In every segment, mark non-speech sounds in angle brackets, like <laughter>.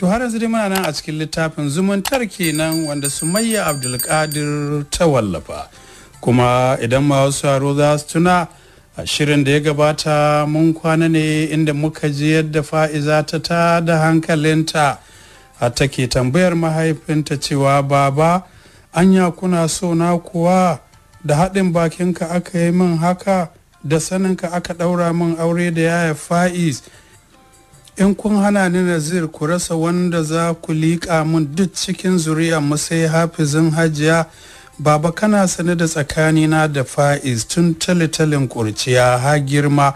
to har yanzu dai muna nan a cikin littafin zumuntar kenan wanda sumayya abdulkadir ta wallafa kuma idan ma wasu yaro za su tuna a shirin da ya gabata mun kwana ne inda muka ji yadda fa'iza ta ta da hankalinta a take tambayar mahaifinta cewa baba anya kuna so na kuwa da haɗin bakinka aka yi min haka da sanin ka aka ɗaura min aure da yaya fa'iz in kun hana ni nazir ku rasa wanda za ku liƙa mun duk cikin zuriya mu sai hafizin hajiya baba kana sane da tsakanina da fa'iz tun talitalin ƙurciya ha girma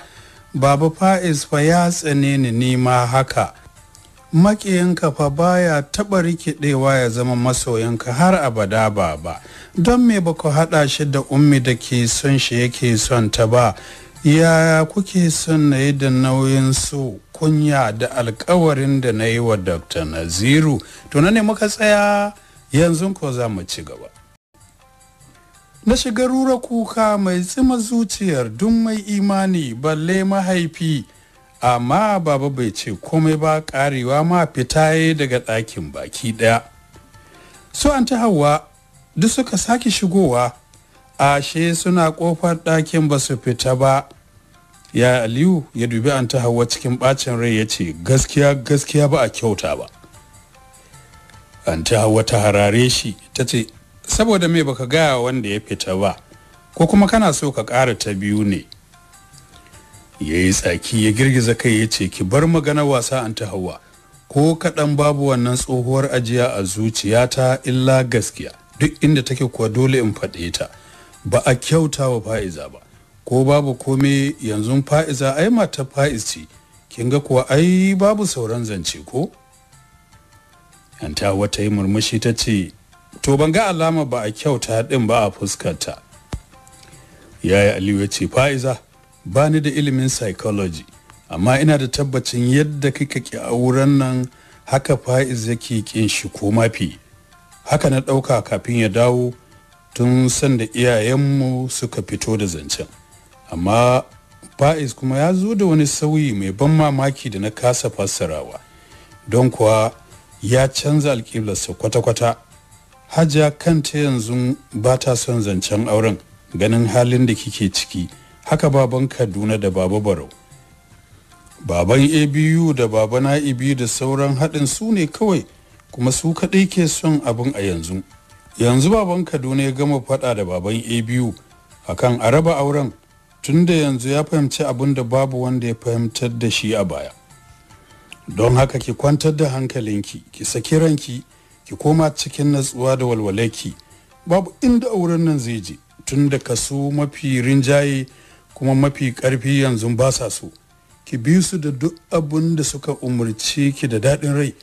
baba fa'iz fa ya tsane ni nima haka maƙiyinka fa baya taɓa rikidewa ya zama masoyinka har abada baba don me ba ku haɗa shi da ummi da ke son shi yake son ta ba yaya kuke son na yi da nauyin su kunya da alkawarin da na yi wa dr naziru to na ne muka tsaya yanzu ko za mu ci gaba na shiga rura kuka mai tsima zuciyar duk mai imani balle mahaifi amma baba bai ce komai ba karewa ma fita ya daga ɗakin baki ɗaya su an ta hawa duk suka sake shigowa ashe suna ƙofar ɗakin ba su fita ba ya aliyu ya dubi an ta hawa cikin bacin rai ya ce gaskiya gaskiya ba a kyauta ba an ta hawa ta harare shi ta ce saboda me baka gaya wanda ya fita ba ko kuma kana so ka ƙara ta biyu ne ya yi tsaki ya girgiza kai ya ce ki bar magana wasa an ta hawa ko kaɗan babu wannan tsohuwar ajiya a zuciyata illa gaskiya duk inda take kuwa dole in faɗe ta ba a kyauta wa fa'iza ba ko babu komai yanzu fa'iza ai mata fa'iz ce kin ga kuwa ai babu sauran zance ko yanta wata yi murmushi ta ce to ban ga alama ba a kyauta din ba a fuskarta yaya aliyu ya ce fa'iza ba ni da ilimin psychology amma ina da tabbacin yadda kika ki auren nan haka fa'iz yake kin shi ko mafi haka na ɗauka kafin ya dawo tun sanda iyayenmu suka fito da zancen amma Faiz kuma ya zo da wani sauyi mai ban mamaki da na kasa fassarawa don kuwa ya canza alƙiblarsa kwata-kwata hajja ta yanzu ba ta son zancen auren ganin halin da kike ciki haka baban kaduna da baba barau baban abu da baba na'ibi da sauran haɗin su ne kawai kuma su kaɗai ke son abin a yanzu yanzu baban kaduna ya gama faɗa da baban abu akan a raba auren tunda yanzu ya fahimci abin da babu wanda ya fahimtar da shi a baya don haka ki kwantar da hankalinki ki saki ranki ki koma cikin natsuwa da walwalaki babu inda auren nan zai je tunda kaso mafi rinjaye kuma mafi karfi yanzu ba sa so ki bi su da duk abin da suka umarci ki da daɗin rai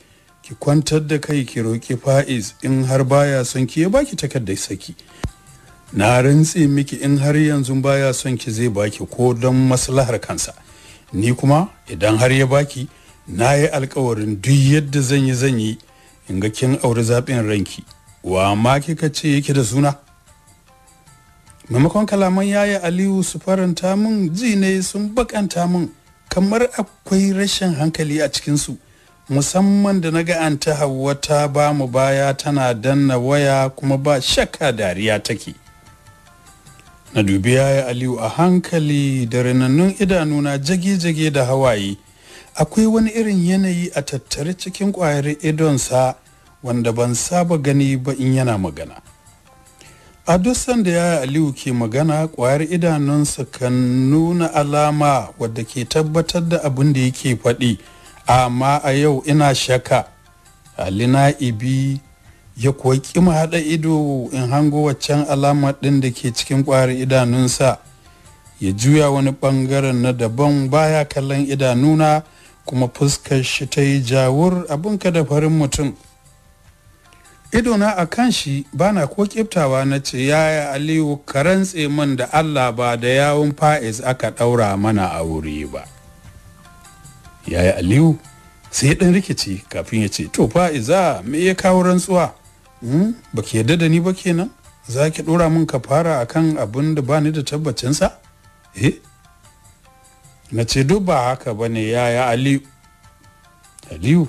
ki kwantar da kai ki roƙi fa'iz in har baya son ki ya baki takardar saki na rantse miki in har yanzu baya son ki zai baki ko don maslahar kansa ni kuma idan har ya baki na yi alkawarin duk yadda zan yi zan yi in ga kin auri zaɓin ranki wa ma kika ce yake da suna maimakon kalaman yaya aliyu su faranta min ji ne sun bakanta min kamar akwai rashin hankali a cikinsu musamman da na ga an ta hawa ta bamu baya tana danna waya kuma ba shakka dariya take na dubi yaya aliyu a hankali da rinannun idanuna jage-jage da hawaye akwai wani irin yanayi a tattare cikin ƙwayar idonsa wanda ban saba gani ba in yana magana a duk sanda yaya aliyu ke magana kwayar idanunsa kan nuna alama wadda ke tabbatar da abin da yake faɗi amma a yau ina shaka Alina Ibi. ya kuwa kima haɗa ido in hango waccan alama ɗin da ke cikin ƙwari idanunsa ya juya wani ɓangaren na daban baya kallon idanuna kuma fuskar shi ta yi jawur ka da farin mutum idona a kan shi ba na ko kiftawa na ce yaya aliyu karantse rantse man da allah ba da yawun fa'iz aka ɗaura mana a wuri ba yaya aliyu sai ɗan rikici kafin ya ce to fa'iza me ya kawo rantsuwa Hmm? ba ki yadda da ni ba kenan za ki dora min kafara a kan abin da ba ni da tabbacinsa eh na ce duk ba haka ba ne yaya aliyu aliyu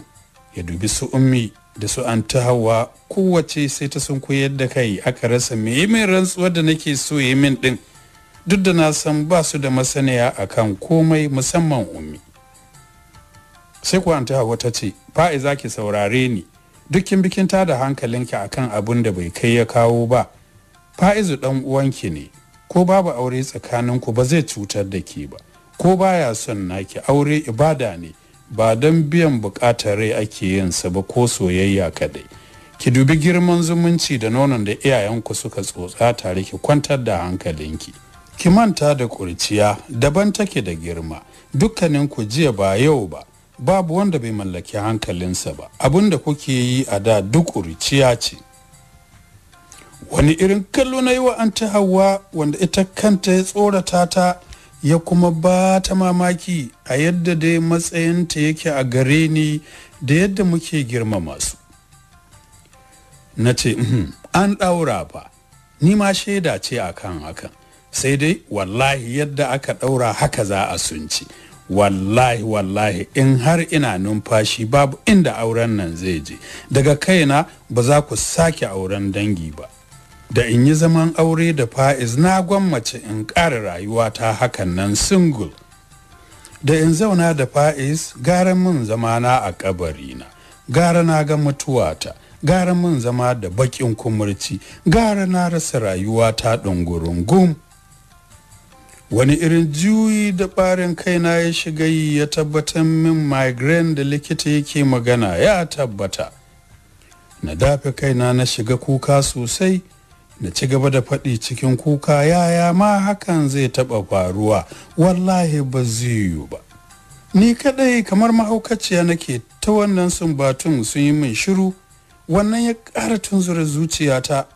ya dubi su ummi da su an ta hawa kowace sai ta sun koyar da kai aka rasa me min rantsuwar da nake so yi min din duk da na san ba su da masaniya akan komai musamman ummi sai ku an ta hawa ta ce fa'i za ki saurare ni dukkin bikin tada hankalinki akan abun da bai kai ya kawo ba fa'izu dan uwanki ne ko babu aure tsakaninku ba zai cutar da ke ba ko baya son naki aure ibada ne ba don biyan bukatar rai ake yin sa ba ko soyayya kadai ki dubi girman zumunci da nonon da iyayenku suka tsotsa tare ki kwantar da hankalinki ki manta da kurciya daban take da girma dukkaninku jiya ba yau ba babu wanda bai mallaki hankalinsa ba abin da kuke yi a da duk uruciya ce wani irin kallo na yi wa an ta hawa wanda ita kanta ya tsorata ta ya kuma ba ta mamaki a yadda dai matsayinta yake a gare ni da yadda muke girmama su na ce uhm, an ɗaura ba ni ma shaida ce akan hakan sai dai wallahi yadda aka ɗaura haka za a sunci wallahi wallahi in har ina numfashi babu inda auren nan zai je daga kaina ba za ku sake auren dangi ba da in yi zaman aure da fa'iz na gwammace in ƙara rayuwa ta hakan nan single da in zauna da fa'iz gara min na a ƙabarina gara na ga mutuwata gara min zama da baƙin kumurci gara na rasa rayuwa ta ɗungurungum wani irin juyi da ɓarin kaina ya shiga yi ya tabbatar min migraine da likita yake magana ya tabbata na dafe kaina na shiga kuka sosai na ci gaba da faɗi cikin kuka yaya ma hakan zai taɓa faruwa wallahi ba zai yiwu ba ni kadai kamar mahaukaciya nake ta wannan sumbatun sun yi min shiru wannan ya ƙara tunzura zuciyata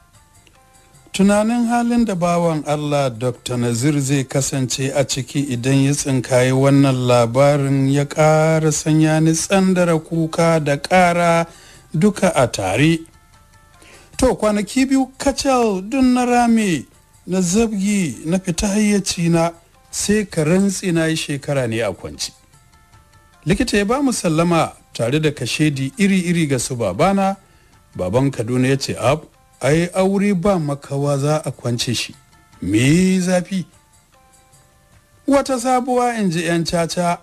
tunanin halin da bawan allah dr nazir zai kasance a ciki idan ya tsinkayi wannan labarin ya ƙara sanya ni tsandara kuka da ƙara duka a tare to kwanaki biyu kacal dun na rame na zabgi na fita hayyaci na sai ka rantsi na yi shekara ne a kwanci likita ya ba mu sallama tare da kashedi iri-iri ga su babana baban kaduna ya ce abu. ai aure ba makawa za a kwance shi me zafi wata sabuwa in ji 'yan caca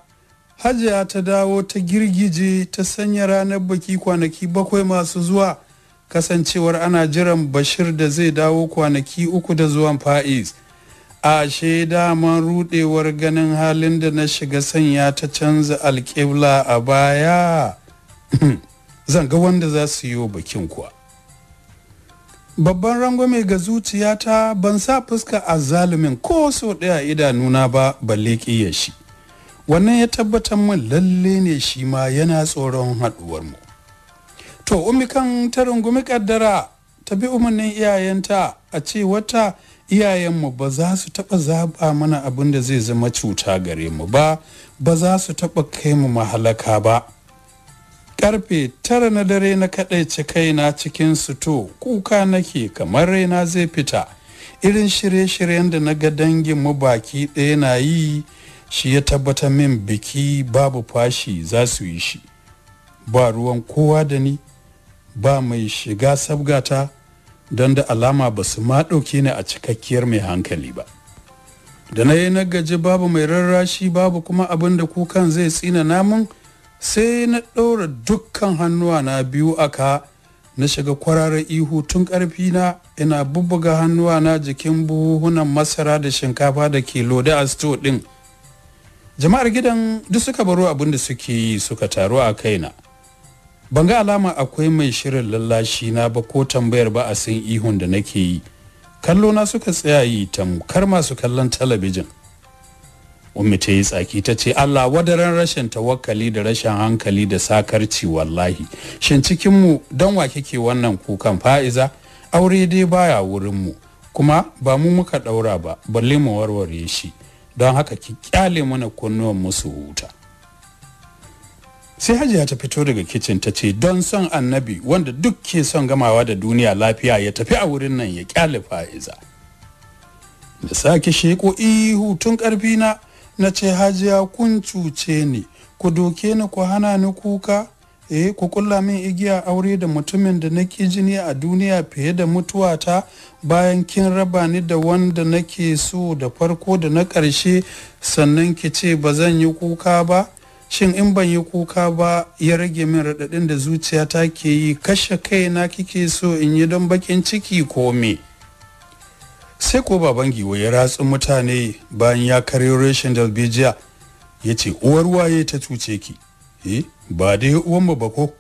hajiya ta dawo ta girgije ta sanya ranar baki kwanaki bakwai masu zuwa kasancewar ana jiran bashir da zai dawo kwanaki uku da zuwan fa'is ashe daman rudewar ganin halin da na shiga sanya ta canza alƙibla a baya <clears throat> zan ga wanda za su yi wa bakin kuwa babban rangwame ga zuciyata ban sa fuska a zalumin ko so ɗaya idanuna ba balle ya shi wannan ya tabbatar min lalle ne shi ma yana tsoron haɗuwarmu to umikan ta rungumi ƙaddara ta bi umarnin iyayenta a ce wata iyayenmu ba za su taɓa zaɓa mana abin da zai zama cuta gare mu ba ba za su taɓa kai mu mahalaka ba karfe tara na dare na kaɗaice kaina cikin suto kuka nake kamar raina zai fita irin shirye-shiryen da na ga dangin mu baki ɗaya na yi shi ya tabbatar min biki babu fashi za su yi shi ba ruwan kowa da ni ba mai shiga sabgata don da alama ba su ma ɗauke ni a cikakkiyar mai hankali ba da na yi na gaji babu mai rarrashi babu kuma abin da kukan zai tsina namun sai na ɗora dukkan hannuwa na biyu aka na shiga kwararar ihu tun ƙarfina ina bubbuga hannuwa na jikin buhunan masara da shinkafa da ke lode a sto ɗin jama'ar gidan duk suka baro abin da suke yi suka taru a kaina ban ga alama akwai mai shirin lallashi na ba ko tambayar ba a san ihun da nake yi Kallona suka tsaya yi tamkar masu kallon talabijin ummi ta yi tsaki ta ce Allah wadaran rashin tawakali da rashin hankali da sakarci wallahi shin cikin mu dan wa kike wannan kukan fa'iza aure dai baya wurin mu kuma ba mu muka daura ba balle mu warware shi don haka ki kyale mana kunnuwan musu huta sai hajiya ta fito daga kicin ta ce don son annabi wanda duk ke son gamawa da duniya lafiya ya tafi a wurin nan ya kyale fa'iza da sake sheko ihu tun karfi na na ce hajiya kun cuce ni ku doke ni ku hana ni kuka eh ku kula min igiya aure da mutumin da nake jini a duniya fiye da mutuwata bayan kin raba ni da wanda nake so da farko da na karshe sannan ki ce ba zan yi kuka ba shin in ban yi kuka ba ya rage min raɗaɗin da zuciyata ke yi kashe kaina kike so in yi don bakin ciki ko me sai ko baban giwa ya ratsu mutane bayan ya karyo reshen dalbejiya ya ce uwar waye ta cuce ki eh ba dai uwan ba ko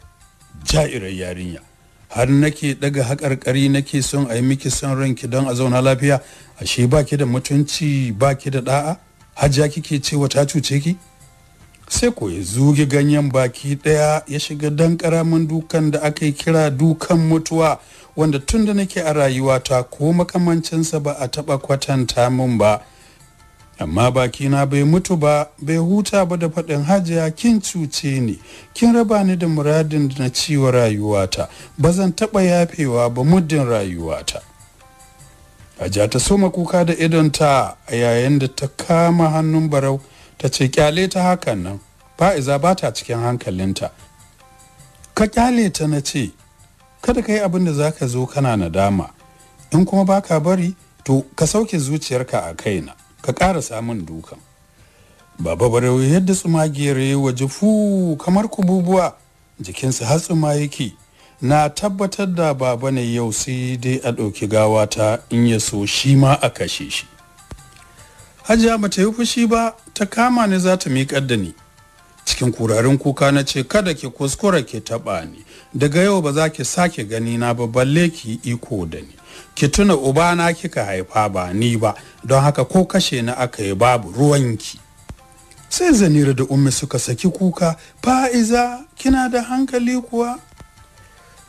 ja'irar yarinya har nake daga haƙarƙari nake son a yi miki son ranki don a zauna lafiya ashe baki da mutunci baki da ɗa'a hajja kike cewa ta cuce ki sai ko ya zuge ganyen baki daya ya shiga dan karamin dukan da aka kira dukan mutuwa wanda tun da nake a rayuwata ko makamancinsa ba a taba kwatanta min ba amma bakina bai mutu ba bai huta ba da faɗin hajiya kin cuce ni kin raba ni da muradin da na ciwa rayuwata ba zan taɓa yafewa ba muddin rayuwata hajiya ta soma kuka da idonta a yayin da ta kama hannun barau ta ce kyale ta hakan nan fa'iza ba ta cikin hankalinta ka kyale ta na ce kada ka yi abin da za ka zo kana nadama in kuma ba ka bari to ka sauke zuciyarka a kai na, ka ƙara samun dukan baba barewa yadda tsumagiyar ya waje fu kamar kububuwa jikinsu har tsuma yake na tabbatar da baba ne yau sai dai a ɗauki gawa ta in ya so shi ma a kashe shi hajiya ba ta yi fushi ba ta kama ni za ta miƙar da ni cikin kurarin kuka na ce kada ki kuskura ke taɓa ni daga yau ba za ki sake gani na ba balle ki iko da ni ki tuna uba na kika haifa ba ni ba don haka ko kashe ni aka yi babu ruwanki sai zanira da ummi suka saki kuka fa'iza kina da hankali kuwa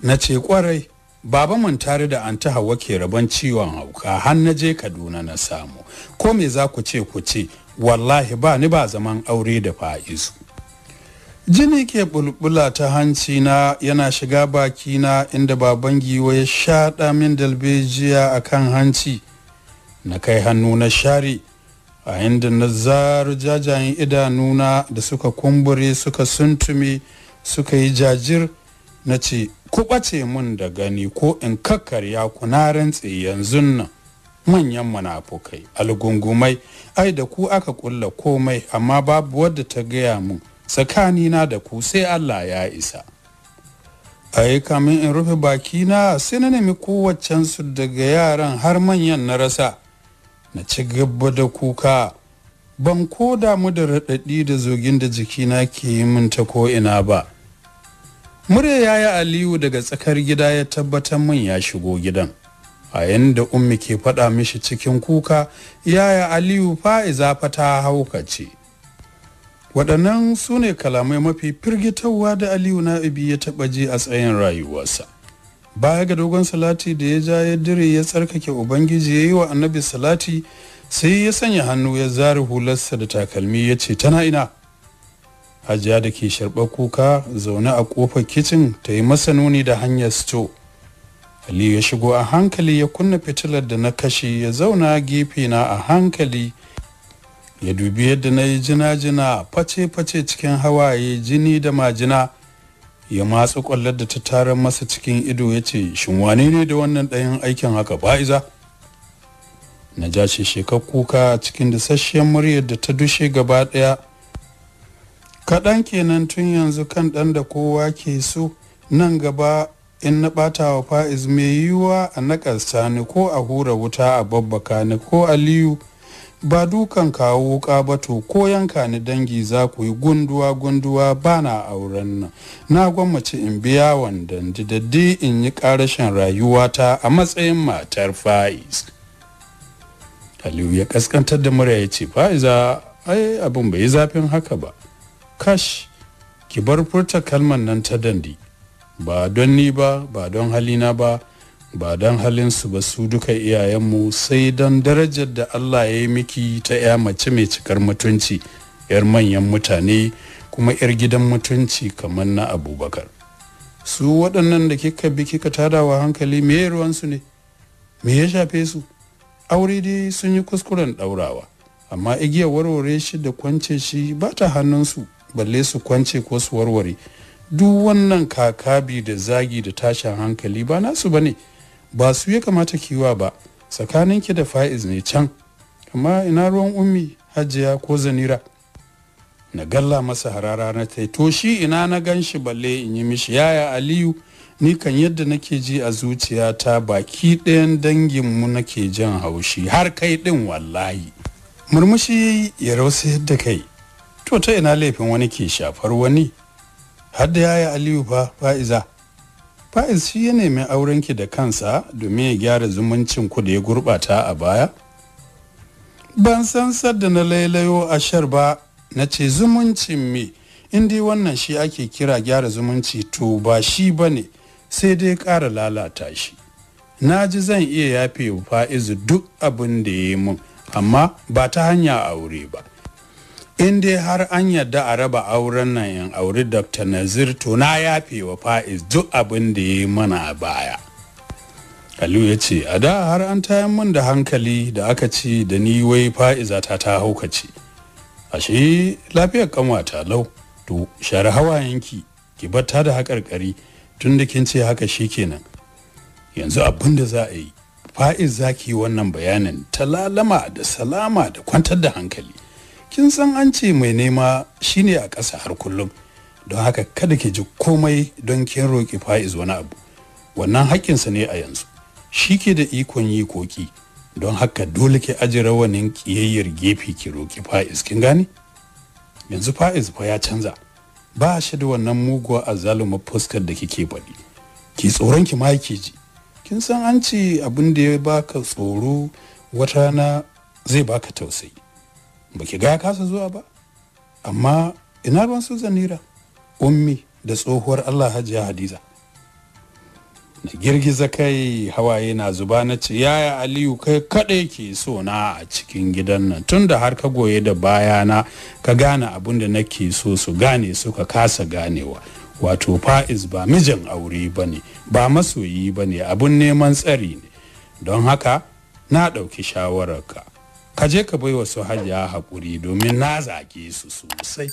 na ce kwarai baba mun tare da an ta hawa ke rabon ciwon hauka har na je kaduna na samu ko me za ku ce ku ce wallahi ba ni ba zaman aure da fa'izu jini ke bulbula ta hanci na yana shiga baki na inda baban giwa ya shaɗa min dalbejiya a kan hanci na kai hannu na share a inda na zaru jajayen idanuna da suka kumbure suka suntume suka yi jajir na ce ku ɓace mun da gani ko in kakkarya ku na rantse yanzu nan manyan munafukai algungumai ai da ku aka kulla komai amma babu wadda ta gaya mun tsakanina da ku sai Allah ya isa ai kamin in rufe bakina sai na nemi kowaccen su daga yaran har manyan na rasa na ci gaba da kuka ban ko damu da raɗaɗi da zogin da jikina ke yi min ta ko'ina ba murya ya yi aliyu daga tsakar gida ya tabbatar min ya shigo gidan a yanda ummi ke faɗa mishi cikin kuka yaya aliyu fa'iza fa ta haukace waɗannan su ne kalamai mafi firgitarwa da aliyu na na'ibi ya taɓa ji a tsayin rayuwarsa baya ga dogon salati da ya ja ya dire ya tsarkake ubangiji ya yi wa annabi salati sai ya sanya hannu ya zare hularsa da takalmi ya ce tana ina hajiya da ke sharɓar kuka zaune a ƙofar kicin ta yi masa nuni da hanyar sto aliyu ya shigo a hankali ya kunna fitilar da na kashe ya zauna gefe na a hankali ya dubi yadda na yi jina-jina face-face cikin hawaye jini da majina ya matsu kwallar da ta tara masa cikin ido ya ce shin wane ne da wannan ɗayan aikin haka ba'iza na ja shi shekar kuka cikin dasasshiyar muryar da ta dushe gaba ɗaya kaɗan kenan tun yanzu kan ɗan da kowa ke so nan gaba in na ɓata wa fa'iz mai yiwuwa a naƙasta ni ko a hura wuta a babbaka ni ko aliyu ba dukan kawo wuka ba to ko yanka ni dangi za ku yi gunduwa gunduwa ba na auren nan na gwammace in biya wandan didaddi in yi ƙarashin rayuwata a matsayin matar fa'iz aliyu ya kaskantar da murya ya ce fa'iza ai abin bai yi zafin haka ba kash ki bar furta kalman nan ta dandi ba don ni ba ba don halina ba ba don halinsu ba su duka iyayenmu sai don darajar da Allah ya yi miki ta ya mace mai cikar mutunci yar manyan mutane kuma yar gidan mutunci kamar na abubakar su waɗannan da kika bi kika tadawa hankali me ruwansu ne me ya shafe su aure dai sun yi kuskuren ɗaurawa amma igiyar warware shi da kwance shi ba ta hannunsu balle su kwance ko su warware duk wannan kakabi da zagi da tashin hankali ba nasu ba ne ba su ya kamata kiwa ba tsakanin ki da fa'iz ne can amma ina ruwan ummi hajiya ko zanira na galla masa harara na ta to shi ina na gan shi balle in yi mishi yaya aliyu ni kan yadda nake ji a zuciyata baki ɗayan danginmu nake jan haushi har kai ɗin wallahi murmushi ya rausa yadda kai to ta ina laifin wani ke shafar wani har da yaya aliyu fa fa'iza fa'iz shi ya nemi aurenki da kansa domin ya gyara zumuncin ku da ya gurbata a baya ban san sadda na lailayo ashar ba na ce zumuncin me indai wannan shi ake kira gyara zumunci to ba shi ba ne sai dai ƙara lalata shi na ji zan iya yafe fa'izu duk abin da ya yi mun amma ba ta hanya aure ba in dai har an yadda a raba auren nan yan auri dr nazir to na yafe wa fa'iz duk abin da ya mana baya aliyu ya ce a da har an tayan min da hankali da aka ci da ni wai fa'iza ta ta haukace ashe lafiyar ƙanwata lau to share hawayenki ki batta da haƙarƙari tun da kin ce haka kenan. yanzu abin da za a yi fa'iz za ki yi wannan bayanin ta lalama da salama da kwantar da hankali kin san an ce mai nema shine a ƙasa har kullum don haka kada ki ji komai don kin roƙi fa'iz wani abu wannan haƙƙinsa ne a yanzu shi ke da ikon yi koki don haka dole ki aji rawanin ƙiyayyar gefe ki roƙi fa'iz kin gane yanzu fa'iz fa ya canza ba shi da wannan muguwa a zaluma fuskar da kike baɗi. ki tsoron ki ma ki ji kin san an ce abin da ya baka tsoro wata rana zai baka tausayi Ba ki ga ya kasa zuwa ba amma ina ruwan su zanira ummi da tsohuwar allah hajiya hadiza na girgiza kai hawaye na zuba na ce yaya aliyu kai kaɗai ke so na a cikin gidan nan tun da har ka goye da bayana ka gane abun da nake so su gane suka kasa ganewa wato fa'iz ba mijin aure ba ne ba masoyi ba ne abin neman tsari ne don haka na ɗauki shawararka ka je ka bai wasu hajiya haƙuri domin na zage su sosai